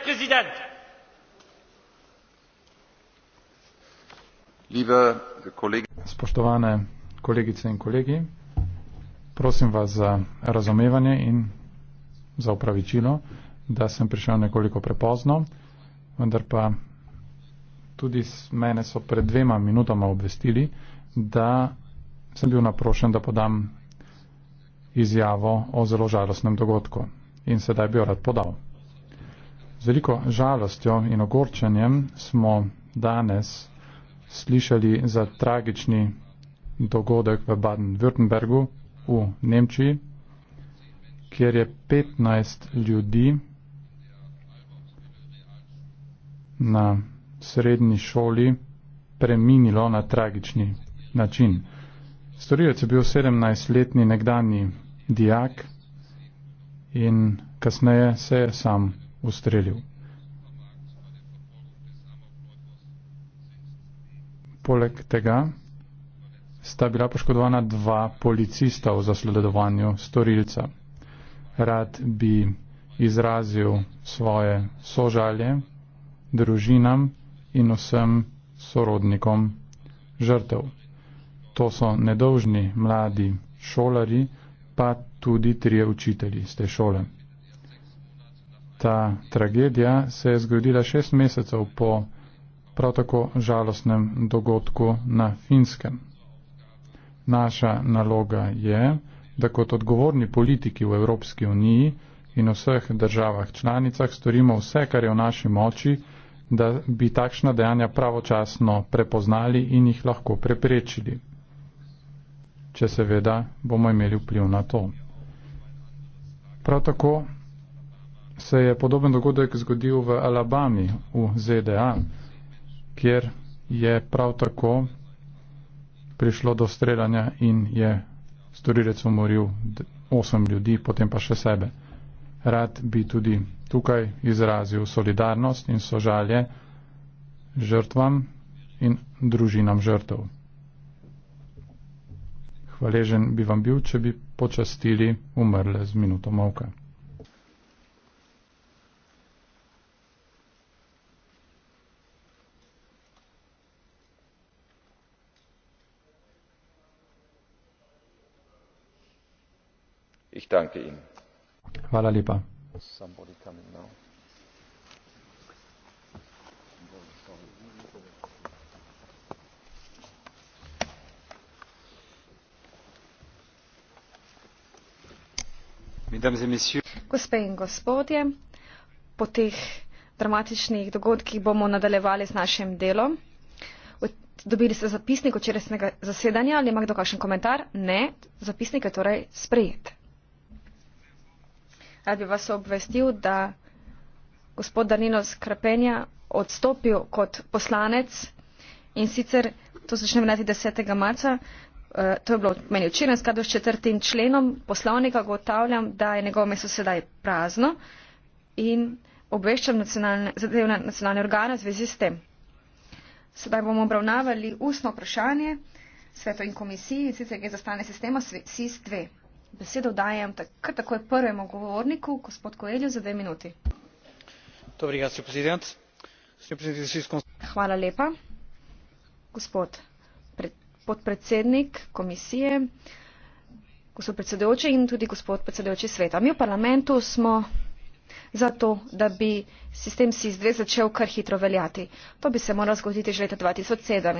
herr präsident! spoštovane kolegice in kolegi prosim vas za razumevanje in za opravičilo da sem prišel nekoliko prepozno vendar pa tudi mene so pred dvema minutama obvestili da sem bil naprošen da podam izjavo o zelo žalostnem dogodku in sedaj bi jo rad podal. Z veliko žalostjo in ogorčenjem smo danes slišali za tragični dogodek v Baden-Württembergu v Nemčiji, kjer je 15 ljudi na srednji šoli preminilo na tragični način. Storilec je bil 17-letni nekdani dijak in kasneje se je sam ustrelil. Poleg tega sta bila poškodovana dva policista v zasledovanju storilca. Rad bi izrazil svoje sožalje družinam in vsem sorodnikom žrtev. To so nedolžni mladi šolari, pa tudi trije učitelji z te šole. Ta tragedija se je zgodila šest mesecev po prav tako žalostnem dogodku na Finskem. Naša naloga je, da kot odgovorni politiki v Evropski uniji in v vseh državah članicah storimo vse, kar je v naši moči, da bi takšna dejanja pravočasno prepoznali in jih lahko preprečili. Če seveda bomo imeli vpliv na to. Prav tako se je podoben dogodek zgodil v Alabami v ZDA, kjer je prav tako prišlo do streljanja in je storilec umoril osem ljudi, potem pa še sebe. Rad bi tudi tukaj izrazil solidarnost in sožalje žrtvam in družinam žrtev. Hvaležen bi vam bil, če bi počastili umrle z minuto molka. Ich danke Ihnen. Hvala lepa. Gospe in gospodje, po teh dramatičnih dogodkih bomo nadaljevali s našim delom. Dobili ste zapisnik včerajšnjega zasedanja ali ima kdo kakšen komentar? Ne, zapisnik je torej sprejet. Rad bi vas obvestil, da gospod Danilo Skrapenja odstopil kot poslanec in sicer to začne vnati 10. marca. Eh, to je bilo meni včeraj skladu s četrtim členom poslovnika, gotavljam, da je njegovo mesto sedaj prazno in obveščam zadevne nacionalne organe v zvezi s tem. Sedaj bomo obravnavali ustno vprašanje sveto in komisiji, in sicer gre za stanje sistema SIS 2. Besedo dajem tak, takoj prvemu govorniku, gospod Koelju, za dve minuti. Dobri, gospod prezident. Hvala lepa. Gospod pred, podpredsednik komisije, gospod predsedujoči in tudi gospod predsedujoči sveta. Mi v parlamentu smo zato, da bi sistem SIS-2 začel kar hitro veljati. To bi se moralo zgoditi že leta 2007.